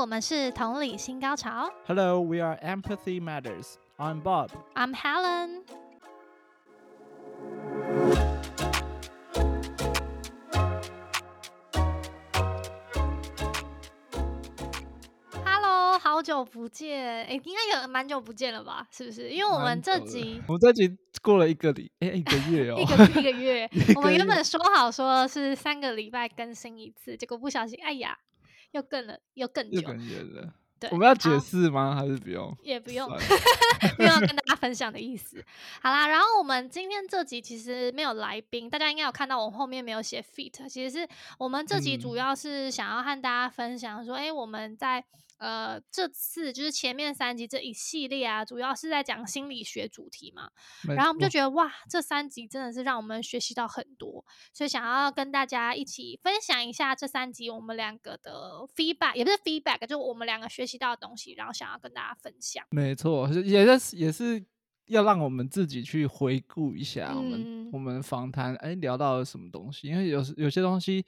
我們是同理心高潮。Hello, we are Empathy Matters. I'm Bob. I'm Helen. Hello，好久不見。哎，應該有蠻久不見了吧？是不是？因為我們這集，我們這集過了一個禮，哎，一個月哦， 一個一個月。 一個月我們原本說好說是三個禮拜更新一次，結果不小心，哎呀。又更了，又更久了。對，我們要解釋嗎？後還是不用？也不用，不 沒有要跟大家分享的意思。 好啦，然後我們今天這集其實沒有來賓，大家應該有看到我後面沒有寫 “fit”。其實是我們這集主要是想要和大家分享，說，哎、嗯、欸，我們在。呃，這次就是前面三集這一系列啊，主要是在講心理學主題嘛。沒，然後我們就覺得哇，哇，這三集真的是讓我們學習到很多，所以想要跟大家一起分享一下這三集我們兩個的 feedback，也不是 feedback，就是我們兩個學習到的東西，然後想要跟大家分享。沒錯，也是也是要讓我們自己去回顧一下、嗯、我們我們訪談哎聊到了什麼東西，因為有有些東西。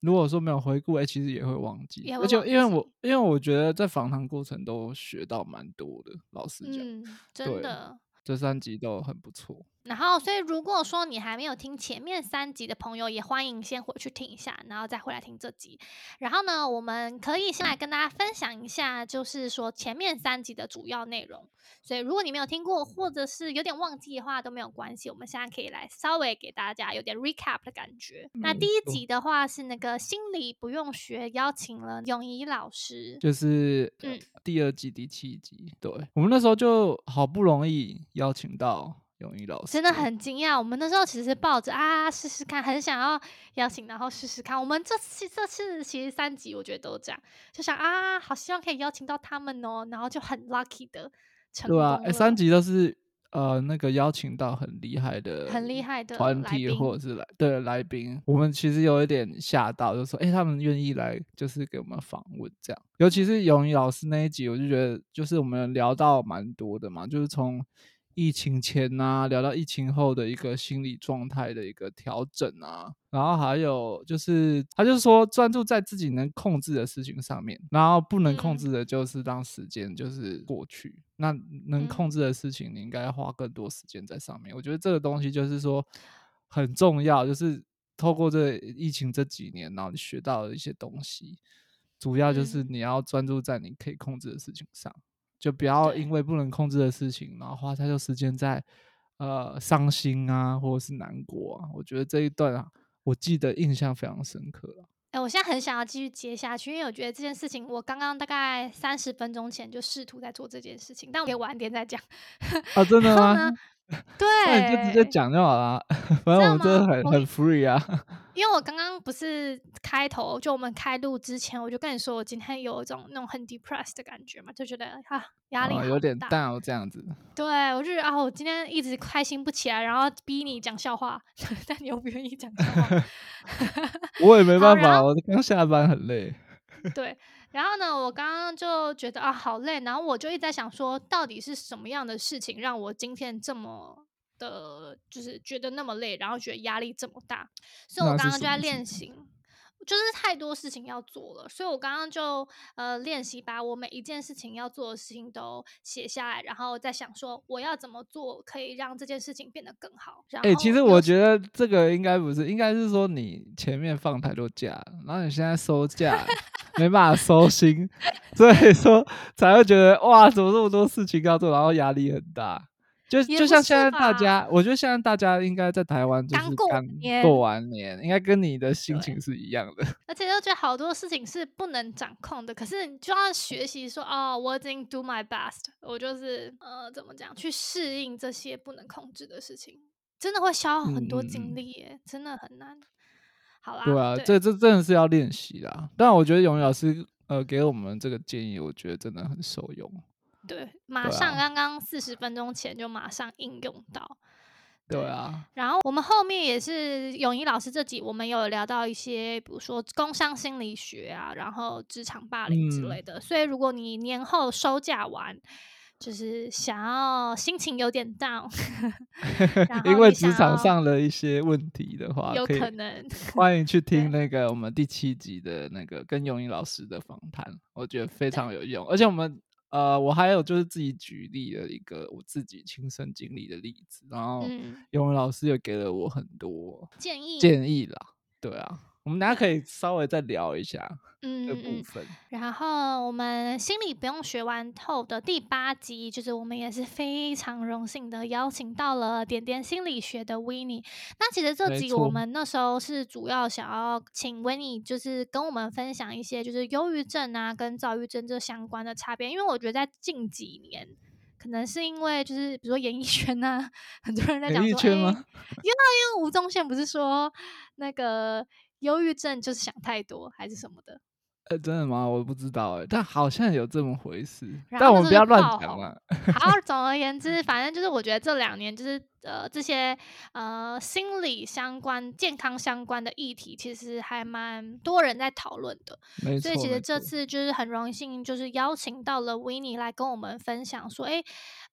如果說沒有回顧，哎，欸，其實也會忘記。忘記，而且，因為我，因為我覺得在訪談過程都學到蠻多的，老實講，嗯，真的。對，這三集都很不錯。然後，所以如果說你還沒有聽前面三集的朋友，也歡迎先回去聽一下，然後再回來聽這集。然後呢，我們可以先來跟大家分享一下，就是說前面三集的主要內容。所以，如果你沒有聽過，或者是有點忘記的話，都沒有關係。我們現在可以來稍微給大家有點 recap 的感覺。嗯、那第一集的話是那個心理不用學，邀請了永怡老師，就是、嗯、第二季第七集。對，我們那時候就好不容易邀請到。永怡老師真的很驚訝，我們那時候其實是抱着、嗯、啊試試看，很想要邀請，然後試試看。我們這次這次其實三集我覺得都這樣，就想啊，好希望可以邀請到他們哦、喔，然後就很 lucky 的成功了。對啊、欸，三集都是呃那個邀請到很厲害的、很厲害的團體或者是來對來賓，我們其實有一點嚇到就，就說誒他們願意來就是給我們訪問這樣。尤其是永怡老師那一集，我就覺得就是我們聊到蠻多的嘛，就是從。疫情前啊，聊到疫情後的一個心理狀態的一個調整啊，然後還有就是，他就是說專注在自己能控制的事情上面，然後不能控制的就是當時間就是過去。那能控制的事情，你應該花更多時間在上面。我覺得這個東西就是說很重要，就是透過這疫情這幾年，然後你學到的一些東西，主要就是你要專注在你可以控制的事情上。就不要因為不能控制的事情，然後對花太多時間在呃傷心啊，或者是難過啊。我覺得這一段啊，我記得印象非常深刻哎、欸，我現在很想要繼續接下去，因為我覺得這件事情，我剛剛大概三十分鐘前就試圖在做這件事情，但我可以晚點再講。 啊，真的嗎？ 對，啊、就直接講就好了、啊。反正我真的很我很 free 啊。因為我剛剛不是開頭就我們開錄之前，我就跟你說我今天有一種那種很 depressed 的感覺嘛，就覺得哈、啊，壓力、哦、有點大哦這樣子。對，我就是啊我今天一直開心不起來，然後逼你講笑話，但你又不願意講笑話。 我也沒辦法，好後我剛下班很累。對。然後呢，我剛剛就覺得啊，好累，然後我就一直在想說，到底是什麼樣的事情讓我今天這麼的，就是覺得那麼累，然後覺得壓力這麼大，所以我剛剛就在練習。就是太多事情要做了，所以我剛剛就呃練習把我每一件事情要做的事情都寫下來，然後再想說我要怎麼做可以讓這件事情變得更好。這樣。哎、就是欸，其實我覺得這個應該不是，應該是說你前面放太多假，然後你現在收假 沒辦法收心，所以說才會覺得哇，怎麼這麼多事情要做，然後壓力很大。就就像現在大家，我覺得現在大家應該在台灣就是剛過完年，年應該跟你的心情是一樣的，而且都覺得好多事情是不能掌控的。可是你就要學習說哦，我已經 do my best，我就是呃怎麼講，去適應這些不能控制的事情，真的會消耗很多精力耶，嗯、真的很難。好啦，對啊，對，這這真的是要練習啦。但我覺得永永老師呃給我們這個建議，我覺得真的很受用。對，馬上剛剛四十分鐘前就馬上應用到，對啊對。然後我們後面也是泳衣老師這集，我們有聊到一些，比如說工商心理學啊，然後職場霸凌之類的。嗯、所以如果你年後收假完，就是想要心情有點 down，因為職場上的一些問題的話，有可能可以歡迎去聽那個我們第七集的那個跟泳衣老師的訪談，對我覺得非常有用，而且我們。呃，我還有就是自己舉例的一個我自己親身經歷的例子，然後永文老師也給了我很多建議建議啦，對啊。我們大家可以稍微再聊一下，嗯，這個部分嗯嗯。然後我們心理不用學完透的第八集，就是我們也是非常榮幸的邀請到了點點心理學的 Winnie 那其實這集我們那時候是主要想要請 Winnie 就是跟我們分享一些就是憂鬱症啊跟躁鬱症這相關的差別，因為我覺得在近幾年，可能是因為就是比如說演藝圈啊，很多人在講說，演藝圈嗎？欸，因為因為吳宗憲不是說那個。憂鬱症就是想太多還是什麼的？呃，真的嗎？我不知道、欸、但好像有這麼回事。好好但我們不要亂講嘛。好，總而言之， 反正就是我覺得這兩年就是呃這些呃心理相關、健康相關的議題，其實還蠻多人在討論的。沒錯。所以其實這次就是很榮幸，就是邀請到了 Winnie 來跟我們分享說，說哎，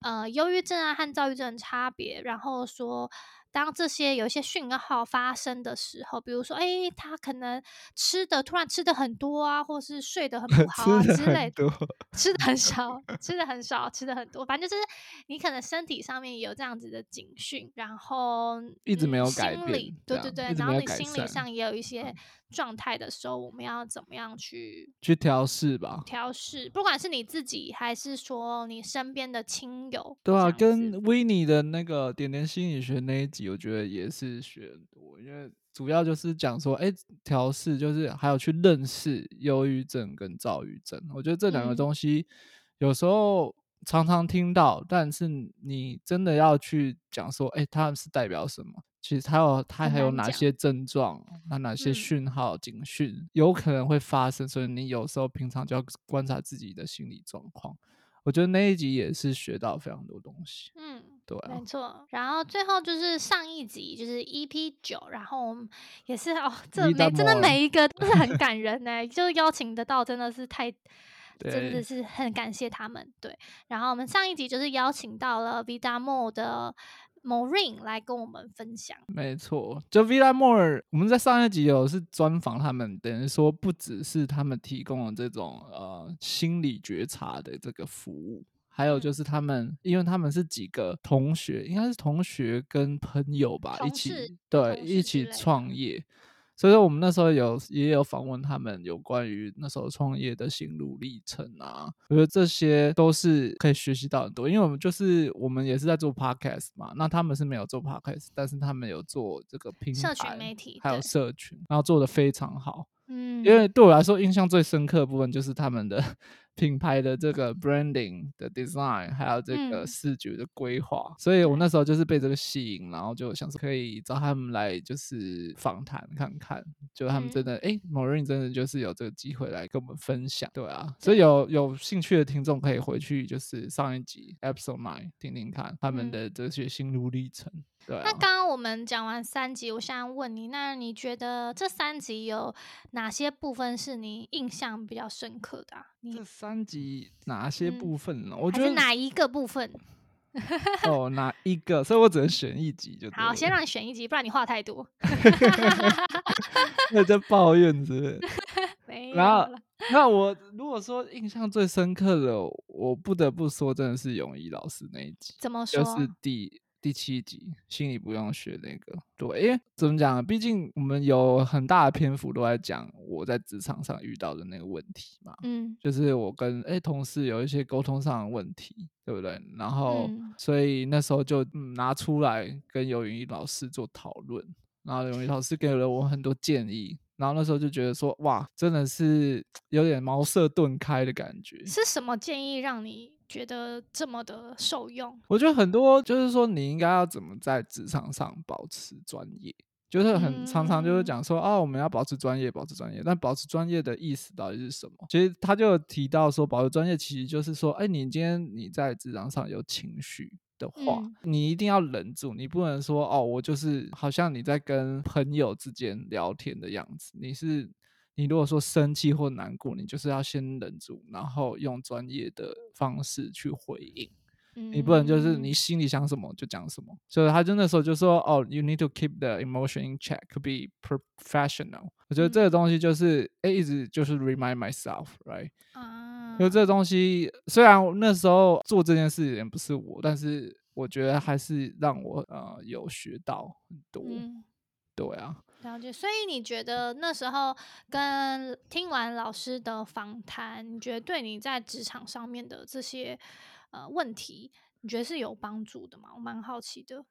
呃，憂鬱症啊和躁鬱症的差別，然後說。當這些有一些訊號發生的時候，比如說，哎、欸，他可能吃的突然吃的很多啊，或是睡得很不好啊 很之類的，吃的很， 很少，吃的很少，吃的很多，反正就是你可能身體上面也有這樣子的警訊，然後一直沒有改變，心理，對對對，然後你心理上也有一些，嗯狀態的時候，我們要怎麼樣去去調適吧？調適，不管是你自己，還是說你身邊的親友，對啊，跟維尼的那個《點點心理學》那一集，我覺得也是學很多，因為主要就是講說，哎、欸，調適就是還有去認識憂鬱症跟躁鬱症。我覺得這兩個東西有時候常常聽到，嗯、但是你真的要去講說，哎、欸，他們是代表什麼？其實它有，它還有哪些症狀？那哪些訊號、嗯、警訊有可能會發生？所以你有時候平常就要觀察自己的心理狀況。我覺得那一集也是學到非常多東西。嗯，對、啊，沒錯。然後最後就是上一集，就是 EP 九，然後我們也是哦，這每真的每一個都是很感人哎、欸， 就邀請得到真的是太，對真的是很感謝他們。對，然後我們上一集就是邀請到了 VidaMo 的。Maureen 來跟我們分享，沒錯，就 Villa More，我們在上一集有是專訪他們，等於說不只是他們提供了這種呃心理覺察的這個服務，還有就是他們，因為他們是幾個同學，應該是同學跟朋友吧，事一起對一起創業。所以說，我們那時候有也有訪問他們有關於那時候創業的心路歷程啊，我覺得這些都是可以學習到很多。因為我們就是我們也是在做 podcast 嘛，那他們是沒有做 podcast，但是他們有做這個平台，社群媒體還有社群，對然後做得非常好。嗯，因為對我來說印象最深刻的部分就是他們的。品牌的這個 branding 的 design，還有這個視覺的規劃，嗯、所以我那時候就是被這個吸引，然後就想說可以找他們來就是訪談看看，就他們真的哎，Maureen、嗯欸、真的就是有這個機會來跟我們分享，對啊，所以有有興趣的聽眾可以回去就是上一集 episode nine 聽聽看他們的這些心路歷程，嗯、對、啊。那剛剛我們講完三集，我想問你，那你覺得這三集有哪些部分是你印象比較深刻的、啊？你三集哪些部分呢？嗯、我覺得哪一個部分？ 哦，哪一個？所以我只能選一集就。好，先讓你選一集，不然你話太多。那 就 抱怨是不是？ 沒有了然後。那我如果說印象最深刻的，我不得不說真的是泳衣老師那一集。怎麼說？就是第。第七集心理，不用學那個，對，欸，怎麼講？畢竟我們有很大的篇幅都在講我在職場上遇到的那個問題嘛，嗯，就是我跟，哎、欸、同事有一些溝通上的問題，對不對？然後、嗯、所以那時候就、嗯、拿出來跟尤雲老師做討論，然後尤雲老師給了我很多建議。 然後那時候就覺得說，哇，真的是有點茅塞頓開的感覺。是什麼建議讓你覺得這麼的受用？我覺得很多就是說，你應該要怎麼在職場上保持專業，就是很常常就是講說，嗯、哦，我們要保持專業，保持專業，但保持專業的意思到底是什麼？其實他就提到說，保持專業其實就是說，哎，你今天你在職場上有情緒，的話，嗯、你一定要忍住，你不能說哦，我就是好像你在跟朋友之間聊天的樣子。你是你如果說生氣或難過，你就是要先忍住，然後用專業的方式去回應。嗯、你不能就是你心裡想什麼就講什麼。所、so, 以他真的說，就說哦，you need to keep the emotion in check, to be professional、嗯。我覺得這個東西就是 i、欸、一直 s 就是 remind myself right、啊。因為這個東西雖然那時候做這件事的人不是我，但是我覺得還是讓我呃有學到很多。嗯，對啊，了解。所以你覺得那時候跟聽完老師的訪談，你覺得對你在職場上面的這些呃問題，你覺得是有幫助的嗎？我蠻好奇的。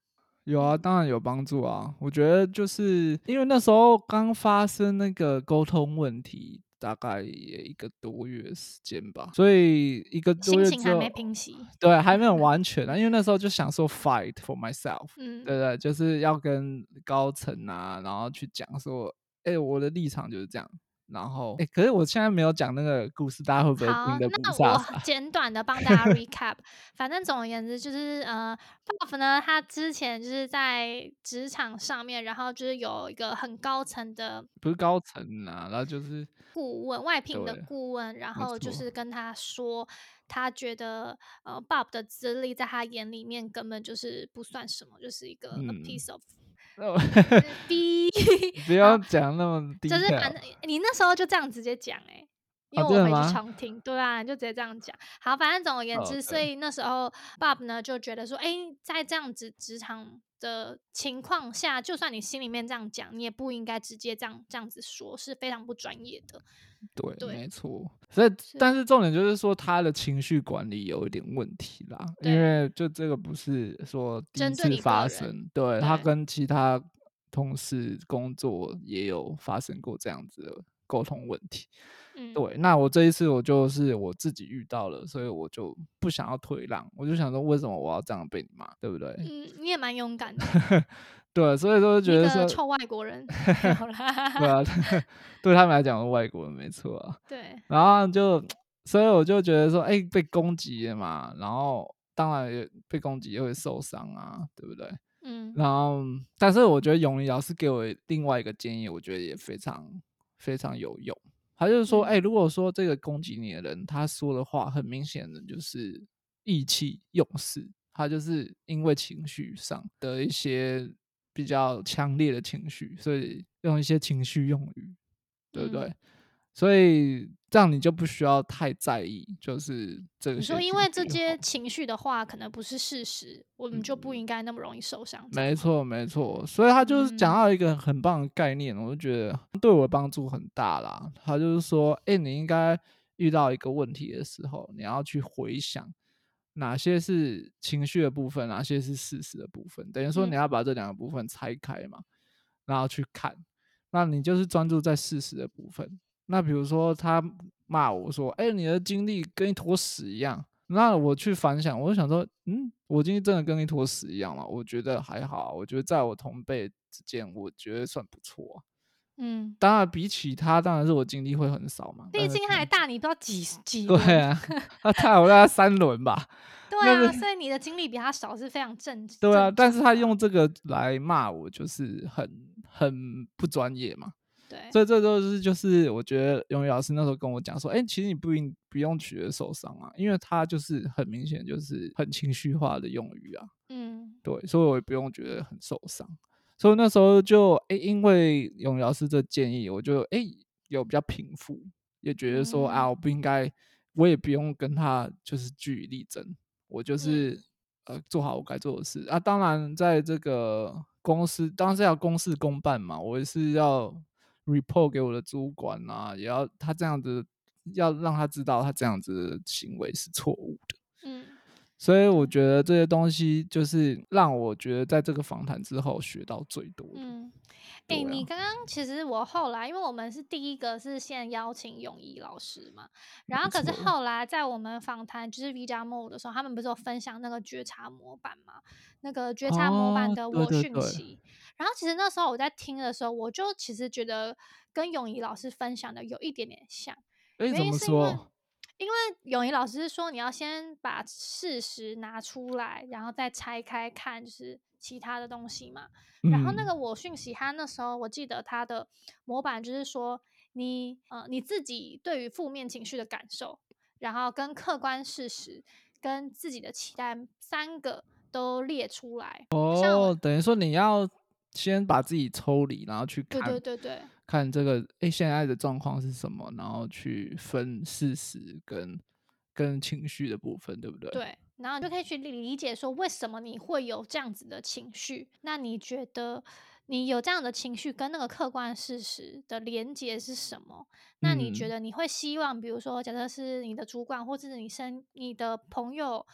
有啊，當然有幫助啊。我覺得就是因為那時候剛發生那個溝通問題。大概也一個多月時間吧，所以一個多月心情還沒平息，對，還沒有完全的、啊，因為那時候就想說 fight for myself，嗯，對，對對，就是要跟高層啊，然後去講說，哎、欸，我的立場就是這樣。然後，哎、欸，可是我現在沒有講那個故事，大家會不會聽得不噠噠？好，那我簡短的幫大家 recap。 反正總而言之，就是呃，Bob 呢，他之前就是在職場上面，然後就是有一個很高層的，不是高層啊，然後就是顧問，外聘的顧問，對對，然後就是跟他說，沒錯。他覺得呃，Bob 的資歷在他眼裡面根本就是不算什麼，就是一個 a piece of。嗯低， 不要講那麼低調 就是反正你那時候就這樣直接講誒、欸，因為我回去常聽，啊對啊，就直接這樣講。好，反正總而言之，Okay. 所以那時候 Bob 呢就覺得說，誒、欸，在這樣子職場的情況下，就算你心裡面這樣講，你也不應該直接這樣這樣子說，是非常不專業的。對，對沒錯。所以，是但是重點就是說，他的情緒管理有一點問題啦。對因為就這個不是說第一次發生，對，對，對他跟其他同事工作也有發生過這樣子的溝通問題。嗯，對。那我這一次我就是我自己遇到了，所以我就不想要退讓。我就想說，為什麼我要這樣被你罵，對不對？嗯，你也蠻勇敢的。 對，所以說就覺得說臭外國人， 對啊， 對他們來講是外國人，沒錯啊。對，然後就，所以我就覺得說，哎，被攻擊了嘛，然後當然也被攻擊也會受傷啊，對不對？嗯。然後，但是我覺得永怡老師給我另外一個建議，我覺得也非常非常有用。他就是說，哎、嗯，如果說這個攻擊你的人，他說的話，很明顯的就是意氣用事，他就是因為情緒上的一些，比較強烈的情緒，所以用一些情緒用語，對不對？嗯、所以這樣你就不需要太在意，就是這個時候。你說，因為這些情緒的話，可能不是事實，我們就不應該那麼容易受傷。嗯、樣沒錯，沒錯。所以他就是講到一個很棒的概念，嗯、我就覺得對我的幫助很大啦。他就是說，哎，你應該遇到一個問題的時候，你要去回想。哪些是情緒的部分，哪些是事實的部分？等於說你要把這兩個部分拆開嘛，然後去看。那你就是專注在事實的部分。那比如說他罵我說：“哎、欸，你的經歷跟一坨屎一樣。”那我去反想，我就想說：“嗯，我今天真的跟一坨屎一樣嘛，我覺得還好，我覺得在我同輩之間，我覺得算不錯。嗯，當然比起他，當然是我經歷會很少嘛。畢竟他還大，是嗯、你都要幾幾輪對啊，他大我大概三輪吧。 對啊，就所以你的經歷比他少是非常正常。對啊，經但是他用這個來罵我，就是很很不專業嘛。對，所以這都是就是我覺得永宇老師那時候跟我講說，哎、欸，其實你不應不用覺得受傷啊，因為他就是很明顯就是很情緒化的用語啊。嗯，對，所以我也不用覺得很受傷。所以那時候就誒、欸，因為永堯師這建議，我就誒、欸、有比較平復，也覺得說、嗯、啊，我不應該，我也不用跟他就是據理力爭，我就是、嗯、呃做好我該做的事啊。當然，在這個公司，當然是要公事公辦嘛，我也是要 report 給我的主管啊，也要他這樣子，要讓他知道他這樣子的行為是錯誤的。嗯所以我覺得這些東西就是讓我覺得在這個訪談之後學到最多。嗯，哎、欸、啊、你剛剛其實我後來，因為我們是第一個是先邀請永怡老師嘛，然後可是後來在我們訪談就是 V 加 M o 的時候，他們不是有分享那個覺察模板嘛？那個覺察模板的我訊息，哦、對對對，然後其實那時候我在聽的時候，我就其實覺得跟永怡老師分享的有一點點像。哎，怎麼因為永怡老師說，你要先把事實拿出來，然後再拆開看，就是其他的東西嘛。嗯、然後那個我訊息他那時候，我記得他的模板就是說你，你呃你自己對於負面情緒的感受，然後跟客觀事實、跟自己的期待三個都列出來。哦，我等於說你要先把自己抽離，然後去看。對對對對。看這個，哎，現在的狀況是什麼？然後去分事實跟跟情緒的部分，對不對？對，然後就可以去理解說，為什麼你會有這樣子的情緒？那你覺得你有這樣的情緒跟那個客觀事實的連接是什麼？那你覺得你會希望，嗯、比如說，假設是你的主管或者是你身你的朋友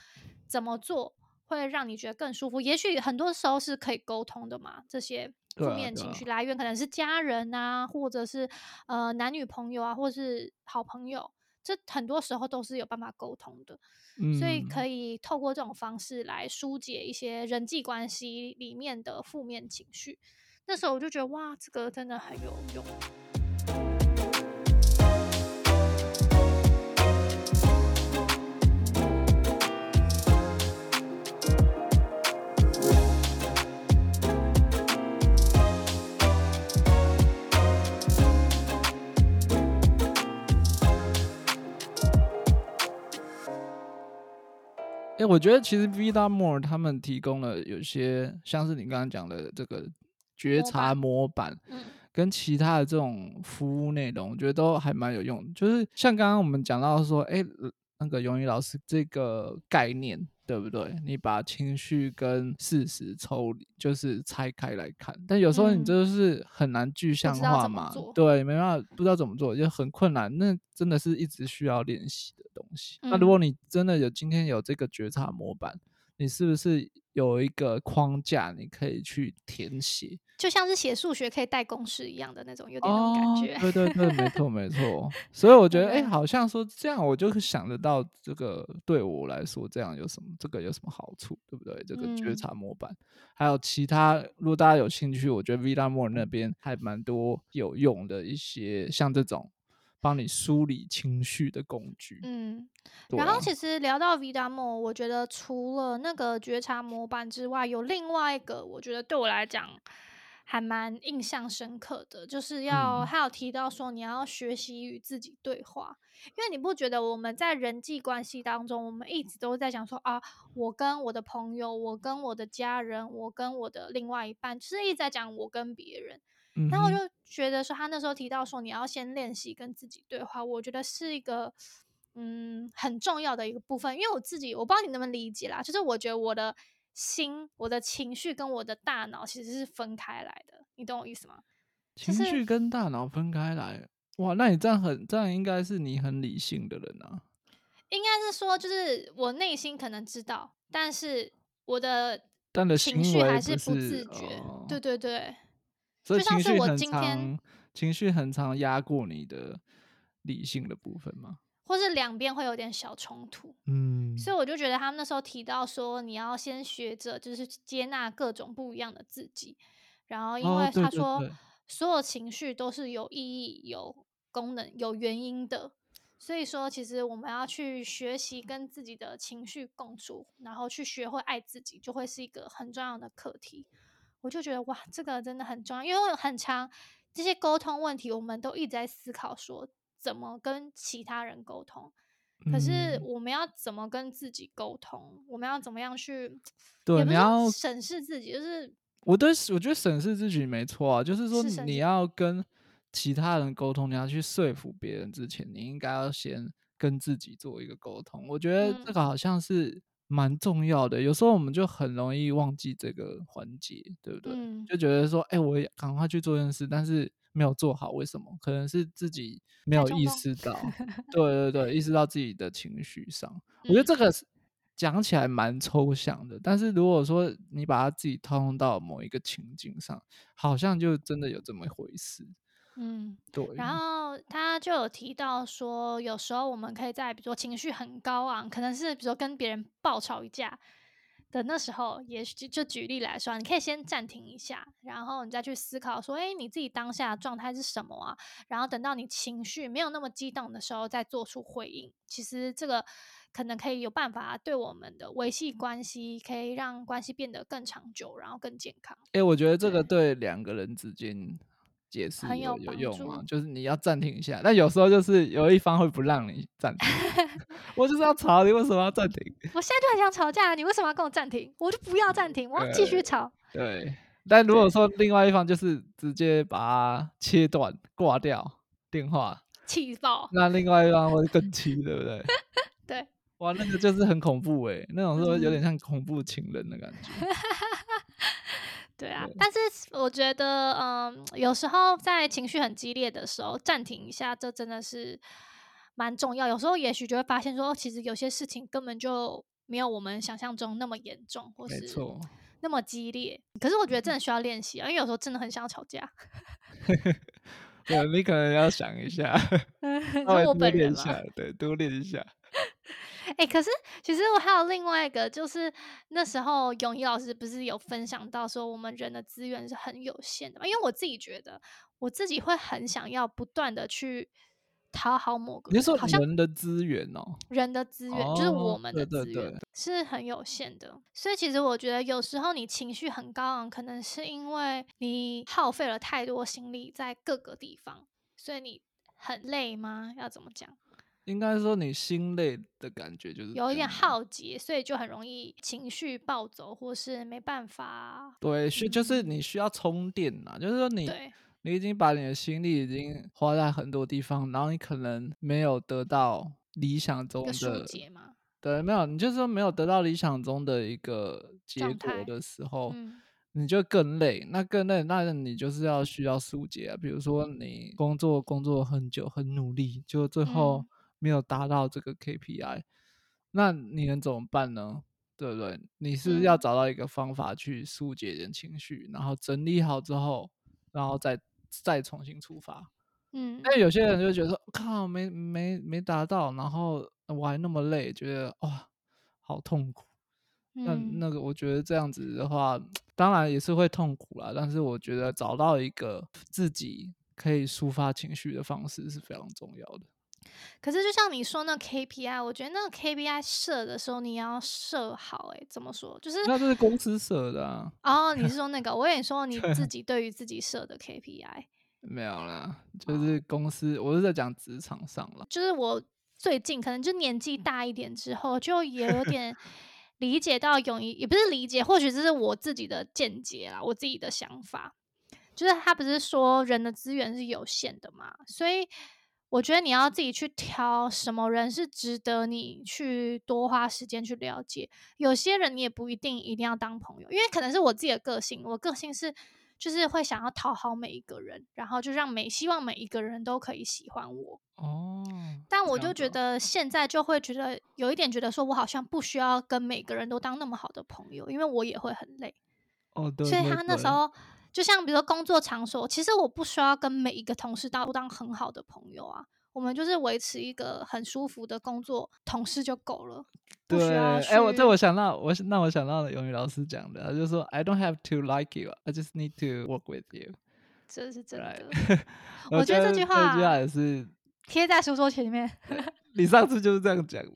怎麼做，會讓你覺得更舒服？也許很多時候是可以溝通的嘛，這些。負面情緒來源可能是家人啊，或者是呃男女朋友啊，或是好朋友，這很多時候都是有辦法溝通的，嗯、所以可以透過這種方式來疏解一些人際關係裡面的負面情緒。那時候我就覺得，哇，這個真的很有用。誒、欸，我覺得其實 V 大 More 他們提供了有些像是你剛剛講的這個覺察模板，跟其他的這種服務內容，我覺得都還蠻有用。就是像剛剛我們講到說，誒、欸，那個英語老師這個概念。對不對？你把情緒跟事實抽離，就是拆開來看。但有時候你就是很難具象化嘛，嗯、對，沒辦法，不知道怎麼做，就很困難。那真的是一直需要練習的東西。嗯、那如果你真的有今天有這個覺察模板。你是不是有一個框架，你可以去填寫？就像是寫數學可以帶公式一樣的那種，有點那種感覺，哦。對對對，沒錯沒錯。 所以我覺得，哎 Okay.，好像說這樣，我就是想得到這個對我來說，這樣有什麼？這個有什麼好處？對不對？這個覺察模板，嗯、還有其他，如果大家有興趣，我覺得 Vitalmore 那邊還蠻多有用的一些，像這種。幫你梳理情緒的工具。嗯，對然後其實聊到 Vidamo，我覺得除了那個覺察模板之外，有另外一個我覺得對我來講還蠻印象深刻的，就是要還、嗯、有提到說你要學習與自己對話，因為你不覺得我們在人際關係當中，我們一直都在講說啊，我跟我的朋友，我跟我的家人，我跟我的另外一半，就是一直在講我跟別人。然後我就覺得說，他那時候提到說，你要先練習跟自己對話，我覺得是一個嗯很重要的一個部分，因為我自己我不知道你能不能理解啦。就是我覺得我的心、我的情緒跟我的大腦其實是分開來的，你懂我意思嗎？就是、情緒跟大腦分開來，哇，那你這樣很這樣應該是你很理性的人吶、啊。應該是說，就是我內心可能知道，但是我的但的情緒還是不自覺，哦、對對對。所以就像是我今天情緒很常壓過你的理性的部分嗎？或是兩邊會有點小衝突？嗯。所以我就覺得他們那時候提到說，你要先學着就是接納各種不一樣的自己。然後因為他說，哦、對對對，所有情緒都是有意義、有功能、有原因的。所以說，其實我們要去學習跟自己的情緒共處，然後去學會愛自己，就會是一個很重要的課題。我就覺得哇，這個真的很重要，因為很常這些溝通問題，我們都一直在思考，說怎麼跟其他人溝通。嗯、可是我們要怎麼跟自己溝通？我們要怎麼樣去？對，你要審視自己，要就是我對，我覺得審視自己沒錯啊。就是說，你要跟其他人溝通，你要去說服別人之前，你應該要先跟自己做一個溝通。我覺得這個好像是。嗯蠻重要的，有時候我們就很容易忘記這個環節，對不對？嗯、就覺得說，哎、欸，我也趕快去做件事，但是沒有做好，為什麼？可能是自己沒有意識到。中 對對對，意識到自己的情緒上，嗯、我覺得這個講起來蠻抽象的，但是如果說你把它自己套用到某一個情境上，好像就真的有這麼一回事。嗯，對。然後他就有提到說，有時候我們可以在比如說情緒很高昂，可能是比如說跟別人爆吵一架的那時候，也許就舉例來說，你可以先暫停一下，然後你再去思考說，哎，你自己當下的狀態是什麼啊？然後等到你情緒沒有那麼激動的時候，再做出回應。其實這個可能可以有辦法對我們的維繫關係，嗯、可以讓關係變得更長久，然後更健康。哎、欸，我覺得這個對兩個人之間。解釋有，有用嗎、啊？有就是你要暫停一下，但有時候就是有一方會不讓你暫停。 我就是要吵，你為什麼要暫停？我現在就很想吵架，啊，你為什麼要跟我暫停？我就不要暫停，我要繼續吵對。對，但如果說另外一方就是直接把它切斷、掛掉電話，氣爆，那另外一方會更氣，對不對？ 對，哇，那個就是很恐怖哎、欸，那種時候有點像恐怖情人的感覺。嗯 對啊，但是我覺得，嗯，有時候在情緒很激烈的時候暫停一下，這真的是蠻重要。有時候也許就會發現說，說其實有些事情根本就沒有我們想象中那麼嚴重，或是那麼激烈。沒錯。可是我覺得真的需要練習啊，因為有時候真的很想要吵架。 對，你可能要想一下，多 我本人， 對，多練一下。哎、欸，可是其實我還有另外一個，就是那時候泳儀老師不是有分享到說，我們人的資源是很有限的嘛？因為我自己覺得，我自己會很想要不斷的去討好某個，比如說人的資源哦，人的資源、oh, 就是我們的資源是很有限的。對對對，所以其實我覺得有時候你情緒很高昂，可能是因為你耗費了太多心力在各個地方，所以你很累嗎？要怎麼講？應該說，你心累的感覺就是有一點耗竭，所以就很容易情緒暴走，或是沒辦法、啊。對、嗯，就是你需要充電嘛，就是說你對你已經把你的心力已經花在很多地方，然後你可能沒有得到理想中的。疏解嗎？對，沒有，你就是說沒有得到理想中的一個結果的時候，嗯、你就更累，那更累，那那你就是要需要疏解啊。比如說你工作工作很久，很努力，就最後。嗯沒有達到這個 KPI，那你能怎麼辦呢？對不對？你是要找到一個方法去疏解點情緒，嗯、然後整理好之後，然後再再重新出發。嗯，但有些人就覺得說靠，沒沒沒達到，然後我還那麼累，覺得哇、哦，好痛苦。那那個，我覺得這樣子的話，當然也是會痛苦啦。但是我覺得找到一個自己可以抒發情緒的方式是非常重要的。可是，就像你說那 KPI，我覺得那個 KPI 設的時候，你要設好、欸。哎，怎麼說？就是那這是公司設的啊。哦，oh, 你是說那個？我也說，你自己對於自己設的 KPI。沒有啦，就是公司。Oh. 我是在講職場上了。就是我最近可能就年紀大一點之後，就也有點理解到，勇於 也不是理解，或許這是我自己的見解啦，我自己的想法。就是他不是說人的資源是有限的嘛，所以。我覺得你要自己去挑什麼人是值得你去多花時間去了解。有些人你也不一定一定要當朋友，因為可能是我自己的個性，我個性是就是會想要討好每一個人，然後就讓每希望每一個人都可以喜歡我。哦。但我就覺得現在就會覺得有一點覺得說，我好像不需要跟每個人都當那麼好的朋友，因為我也會很累。哦，對。所以他那時候。.就像比如說工作場所，其實我不需要跟每一個同事都當很好的朋友啊，我們就是維持一個很舒服的工作同事就夠了，不需要對、欸。對，哎，我這我想到我那我想到了永宇老師講的，他就說 I don't have to like you, I just need to work with you。這是真的，我覺得這句話也是貼在書桌前面。 你上次就是這樣講，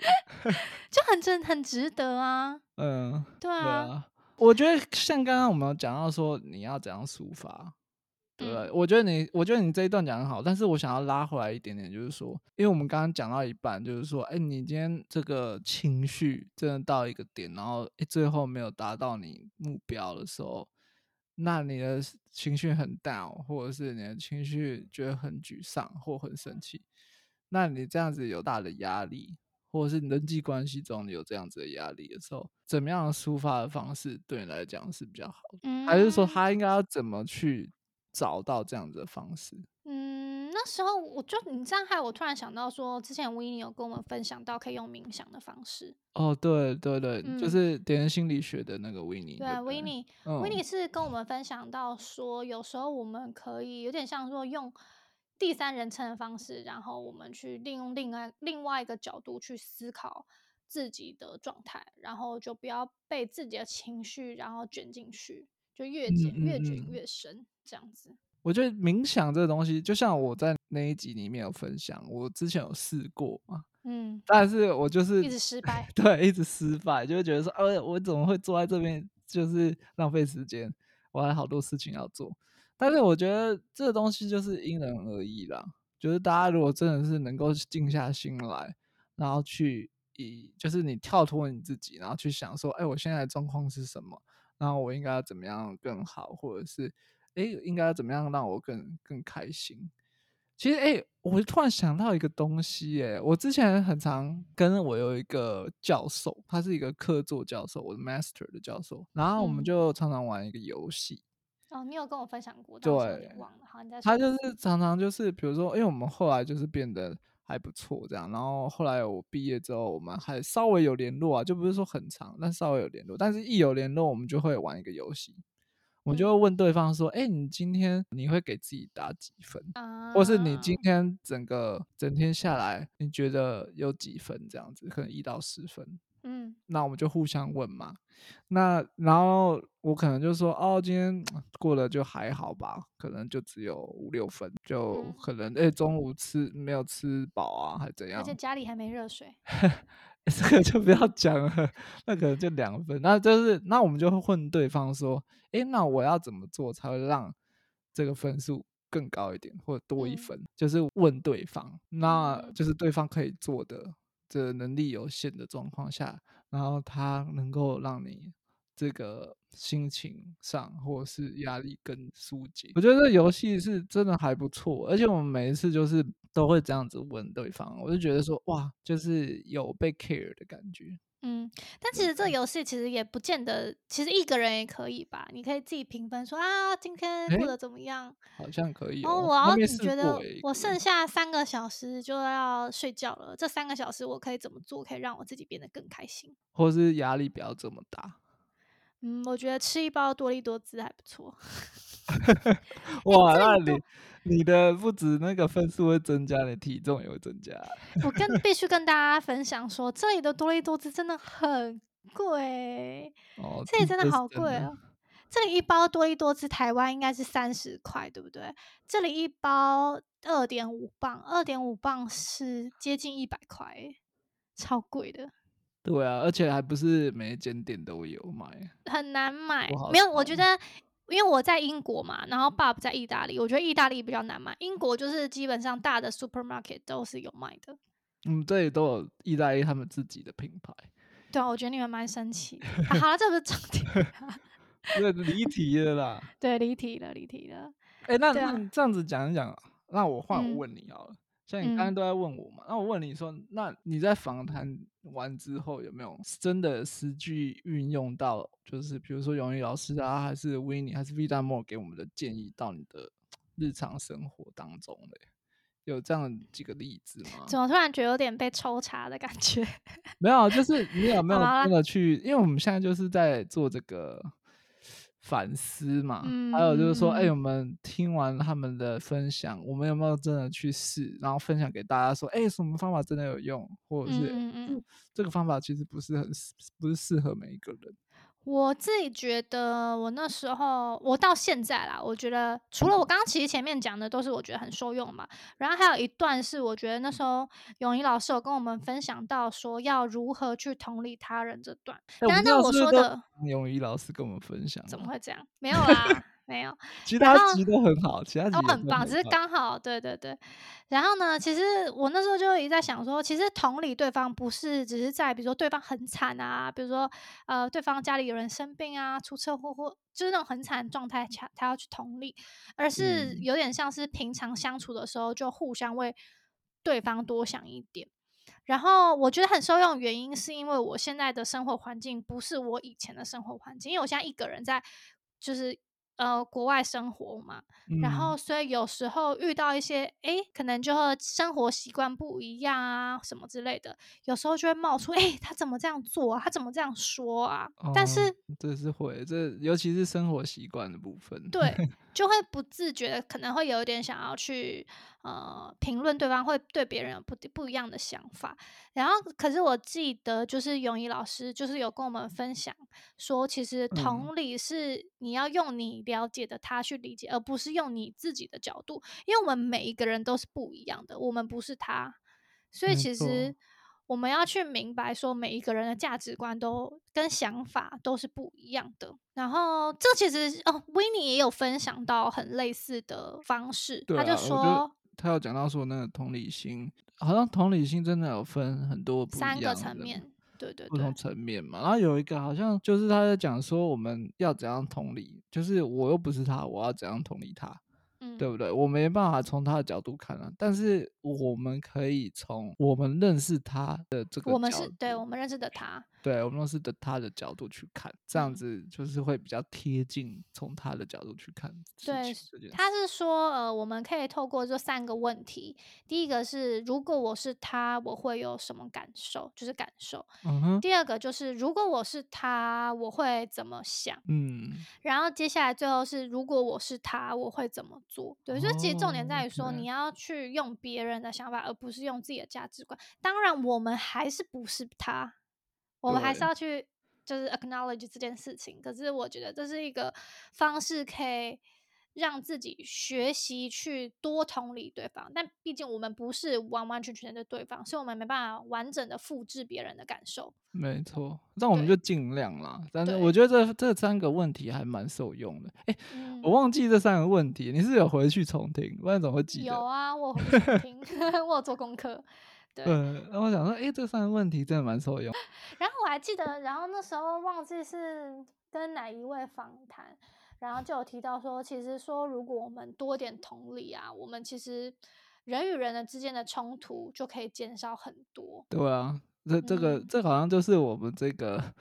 就很真很值得啊。嗯，對啊。對啊。我覺得像剛剛我們講到說你要怎樣抒發，對不對？嗯，我覺得你我覺得你這一段講得好，但是我想要拉回來一點點，就是說，因為我們剛剛講到一半，就是說，哎，你今天這個情緒真的到一個點，然後最後沒有達到你目標的時候，那你的情緒很 down，或者是你的情緒覺得很沮喪或很生氣，那你這樣子有大的壓力。或者是你人際關係中你有這樣子的壓力的時候，怎麼樣抒發的方式對你來講是比較好的，嗯、還是說他應該要怎麼去找到這樣子的方式？嗯，那時候我就你這樣害。我突然想到說，之前維尼有跟我們分享到可以用冥想的方式。哦，對對對，嗯、就是點心理學的那個維尼。對、啊，維尼、嗯，維尼是跟我們分享到說，有時候我們可以有點像說用。第三人稱的方式，然後我們去利用另外另外一個角度去思考自己的狀態，然後就不要被自己的情緒，然後卷進去，就越卷越卷越深，嗯、這樣子。我覺得冥想這個東西，就像我在那一集裡面有分享，我之前有試過嘛，嗯，但是我就是一直失敗， 對，一直失敗，就會覺得說，哎，我怎麼會坐在這邊，就是浪費時間，我還有好多事情要做。但是我覺得這個東西就是因人而異啦。就是大家如果真的是能夠靜下心來，然後去以就是你跳脫你自己，然後去想說，欸，我現在的狀況是什麼？然後我應該要怎麼樣更好？或者是，欸，應該要怎麼樣讓我更更開心？其實，欸，我就突然想到一個東西，欸，我之前很常跟我有一個教授，他是一個客座教授，我的 master 的教授，然後我們就常常玩一個遊戲。嗯哦，你有跟我分享過，對，他就是常常就是，比如說，因為我們後來就是變得還不錯這樣，然後後來我畢業之後，我們還稍微有聯絡啊，就不是說很長，但稍微有聯絡。但是一有聯絡，我們就會玩一個遊戲，我們就會問對方說：“哎、嗯，你今天你會給自己打幾分？啊、或是你今天整個整天下來，你覺得有幾分？這樣子，可能一到十分。”嗯，那我們就互相問嘛。那然後我可能就說，哦，今天過了就還好吧，可能就只有五六分，就可能哎、嗯欸、中午吃沒有吃飽啊，還怎樣？而且家裡還沒熱水， 這個就不要講了。那可能就兩分，那就是那我們就會問對方說，哎、欸，那我要怎麼做才會讓這個分數更高一點，或者多一分？嗯、就是問對方，那就是對方可以做的。的能力有限的狀況下，然後它能夠讓你這個心情上或是壓力更疏解。我覺得這遊戲是真的還不錯，而且我們每一次就是都會這樣子問對方，我就覺得說哇，就是有被 care 的感覺。嗯，但其實這遊戲其實也不見得，其實一個人也可以吧。你可以自己評分說，說啊，今天過得怎麼樣？欸、好像可以、喔哦。我要我、欸、覺得，我剩下三個小時就要睡覺了。這三個小時，我可以怎麼做，可以讓我自己變得更開心？或是壓力不要這麼大？嗯，我覺得吃一包多力多滋還不錯。 哇，欸、那你。你的不止那個分數會增加，你體重也會增加。我跟 必須跟大家分享說，這裡的多力多滋真的很貴，哦，這裡真的好貴哦、啊。這，這裡一包多力多滋，台灣應該是三十塊，對不對？這裡一包二點五磅，二點五磅是接近一百塊，超貴的。對啊，而且還不是每一間店都有買，很難買。沒有，我覺得。因為我在英國嘛，然後爸爸在意大利，我覺得意大利比較難買。英國就是基本上大的 supermarket 都是有賣的。嗯，對，都有意大利他們自己的品牌。對、啊，我覺得你們蠻神奇、 啊。好了、啊，這不是正題、啊， 對，離題了啦。對，離題了，離題了。哎、欸，那、啊、那你這樣子講一講，那我換我問你好了。嗯所以你剛剛都在問我嘛，嗯、那我問你說，那你在訪談完之後有沒有真的實際運用到？就是比如說，永裕老師啊，還是 Winnie 還是 V 大漠，給我們的建議，到你的日常生活當中嘞，有這樣的幾個例子嗎？怎麼突然覺得有點被抽查的感覺。 沒有，就是你有沒有真的去，啊、因為我們現在就是在做這個。反思嘛，還有就是說，哎、嗯嗯嗯、欸，我們聽完他們的分享，我們有沒有真的去試，然後分享給大家說，哎、欸，什麼方法真的有用，或者是，嗯嗯嗯、欸、這個方法其實不是很適，不是適合每一個人。我自己覺得，我那時候，我到現在啦，我覺得除了我剛剛其實前面講的都是我覺得很受用嘛。然後還有一段是，我覺得那時候泳儀老師有跟我們分享到說要如何去同理他人這段。但我，這段，但我說的泳儀老師跟我們分享怎麼會這樣？沒有啦。 沒有，其他集都很好，然後，其他集都很棒，只是剛好。對對對，然後呢，其實我那時候就一直在想說，其實同理對方不是只是在比如說對方很慘啊，比如說呃對方家裡有人生病啊，出車禍或就是那種很慘狀態下他要去同理，而是有點像是平常相處的時候就互相為對方多想一點。嗯、然後我覺得很受用的原因是因為我現在的生活環境不是我以前的生活環境，因為我現在一個人在就是。呃，國外生活嘛，嗯、然後所以有時候遇到一些，哎、欸，可能就和生活習慣不一樣啊，什麼之類的，有時候就會冒出，哎、欸，他怎麼這樣做啊？他怎麼這樣說啊？哦、但是這是會，這尤其是生活習慣的部分，對。 就會不自覺可能會有一點想要去呃評論對方，會對別人有不不一樣的想法。然後，可是我記得就是泳儀老師，就是有跟我們分享說，其實同理是你要用你了解的他去理解，嗯、而不是用你自己的角度，因為我們每一個人都是不一樣的，我們不是他，所以其實。我們要去明白說，每一個人的價值觀都跟想法都是不一樣的。然後這其實哦，Winnie 也有分享到很類似的方式，啊、他就說就他有講到說那個同理心，好像同理心真的有分很多不一樣的三個層面，對對對，不同層面嘛。然後有一個好像就是他在講說我們要怎樣同理，就是我又不是他，我要怎樣同理他？ 對不對？我沒辦法從他的角度看啊，但是我們可以從我們認識他的這個角度，我們是對我們認識的他。對，我們都是從他的角度去看，這樣子就是會比較貼近，從他的角度去看。對，他是說，呃，我們可以透過這三個問題，第一個是如果我是他，我會有什麼感受，就是感受。Uh huh. 第二個就是如果我是他，我會怎麼想？嗯。然後接下來最後是如果我是他，我會怎麼做？對，就、oh, 其實重點在於說 okay. 你要去用別人的想法，而不是用自己的價值觀。當然，我們還是不是他。對我們還是要去，就是 acknowledge 這件事情。可是我覺得這是一個方式，可以讓自己學習去多同理對方。但畢竟我們不是完完全全的對方，所以我們沒辦法完整的複製別人的感受。沒錯，那我們就儘量啦。對但是我覺得這這三個問題還蠻受用的。哎、欸，嗯、我忘記這三個問題，你是有回去重聽，不然怎麼會記得？有啊，我有回去重聽， 我有做功課。對，對，然後我想說，哎，這三個問題真的蠻受用。然後我還記得，然後那時候忘記是跟哪一位訪談，然後就有提到說，其實說如果我們多點同理啊，我們其實人與人的之間的衝突就可以減少很多。對啊，這這個這個，好像就是我們這個。嗯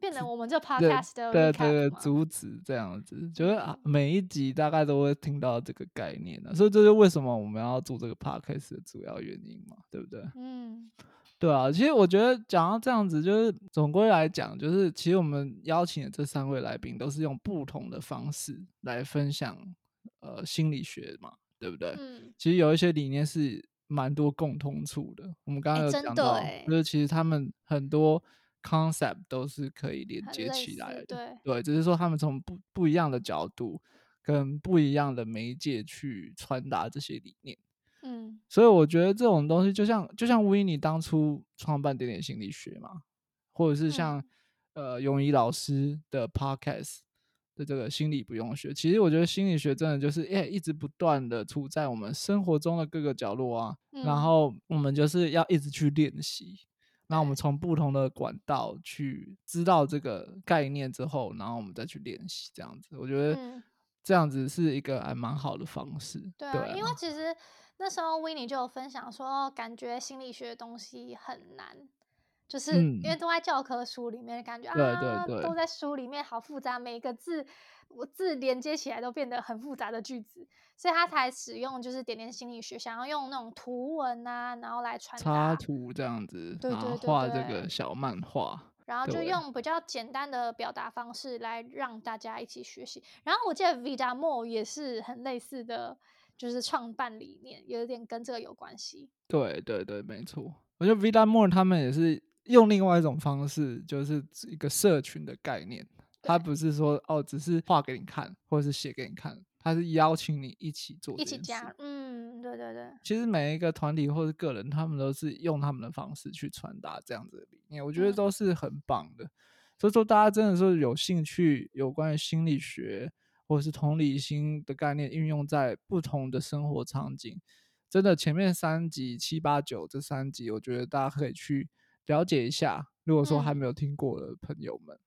變成我們這 podcast 的對對主旨，這樣子，就是每一集大概都會聽到這個概念、啊嗯、所以這是為什麼我們要做這個 podcast 的主要原因嘛，對不對？嗯，對啊。其實我覺得講到這樣子，就是總歸來講，就是其實我們邀請的這三位來賓都是用不同的方式來分享呃心理學嘛，對不對？嗯、其實有一些理念是蠻多共通處的。我們剛剛有講到，欸，真的對欸、就是其實他們很多。Concept 都是可以連接起來的，對，只，就是說他們從不不一樣的角度跟不一樣的媒介去傳達這些理念。嗯，所以我覺得這種東西就像就像 Winnie 當初創辦點點心理學嘛，或者是像、嗯、呃泳儀老師的 podcast 的這個心理不用學。其實我覺得心理學真的就是哎、欸，一直不斷的處在我們生活中的各個角落啊，嗯、然後我們就是要一直去練習。那我們從不同的管道去知道這個概念之後，然後我們再去練習，這樣子，我覺得這樣子是一個還蠻好的方式。嗯、對啊，對啊，因為其實那時候維尼就有分享說，感覺心理學的東西很難，就是因為都在教科書裡面，感覺、嗯、對對對，啊都在書裡面好複雜，每一個字。我字連接起來都變得很複雜的句子，所以他才使用就是點點心理學，想要用那種圖文啊，然後來傳達插圖這樣子，對對,對對對，畫這個小漫畫，然後就用比較簡單的表達方式來讓大家一起學習。對然後我記得 Vidamore 也是很類似的，就是創辦理念有一點跟這個有關係。對對對，沒錯，我覺得 Vidamore 他們也是用另外一種方式，就是一個社群的概念。他不是說哦，只是畫給你看，或者是寫給你看，他是邀請你一起做一件事，一起加，嗯，對對對。其實每一個團體或者個人，他們都是用他們的方式去傳達這樣子的理念，我覺得都是很棒的。嗯、所以說，大家真的說有興趣有關於心理學或者是同理心的概念，運用在不同的生活場景，真的前面三集七八九這三集，我覺得大家可以去了解一下。如果說還沒有聽過的朋友們。嗯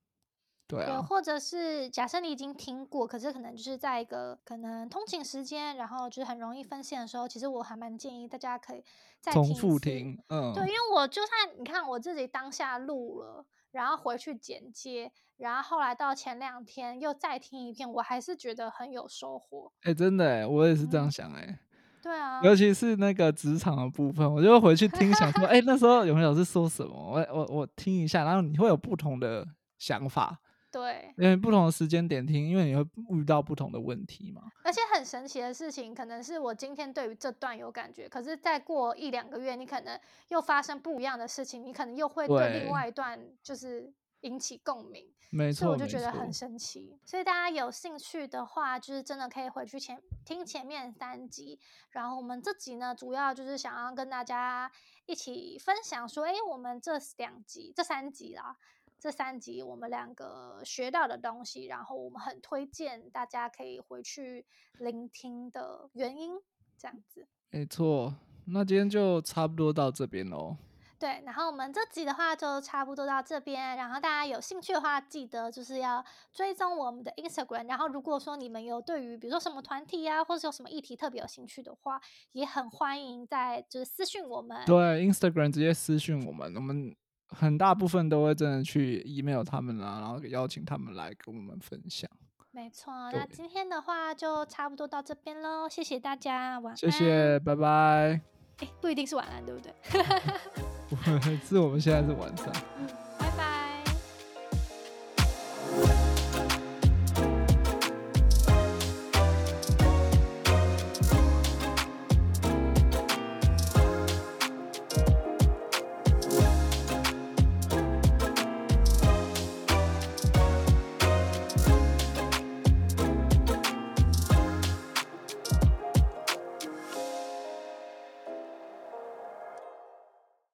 對，對啊，或者是假設你已經聽過，可是可能就是在一個可能通勤時間，然後就是很容易分心的時候，其實我還蠻建議大家可以再重複聽，嗯，對，因為我就算你看我自己當下錄了，然後回去剪接，然後後來到前兩天又再聽一遍，我還是覺得很有收穫。哎、欸，真的、欸，哎，我也是這樣想、欸，哎、嗯，對啊，尤其是那個職場的部分，我就回去聽 想說，哎、欸，那時候有沒有是說什麼？我我我聽一下，然後你會有不同的想法。對，因為不同的時間點聽，因為你會遇到不同的問題嘛。而且很神奇的事情，可能是我今天對於這段有感覺，可是再過一兩個月，你可能又發生不一樣的事情，你可能又會對另外一段就是引起共鳴。沒錯對。所以我就覺得很神奇。所以大家有興趣的話，就是真的可以回去前聽前面三集。然後我們這集呢，主要就是想要跟大家一起分享說，哎，我們這兩集、這三集啦。這三集我們兩個學到的東西，然後我們很推薦大家可以回去聆聽的原因，這樣子。沒錯，那今天就差不多到這邊嘍。對，然後我們這集的話就差不多到這邊，然後大家有興趣的話，記得就是要追蹤我們的 Instagram。然後如果說你們有對於比如說什麼團體呀，或者有什麼議題特別有興趣的話，也很歡迎在就是私訊我們。對，Instagram 直接私訊我們，我們。很大部分都會真的去 email 他們啦，啊，然後邀請他們來跟我們分享。沒錯錯，對那今天的話就差不多到這邊嘍，謝謝大家，晚安。謝謝，拜拜。哎，欸，不一定是晚安，對不對？ 是，我們現在是晚上。嗯，拜拜。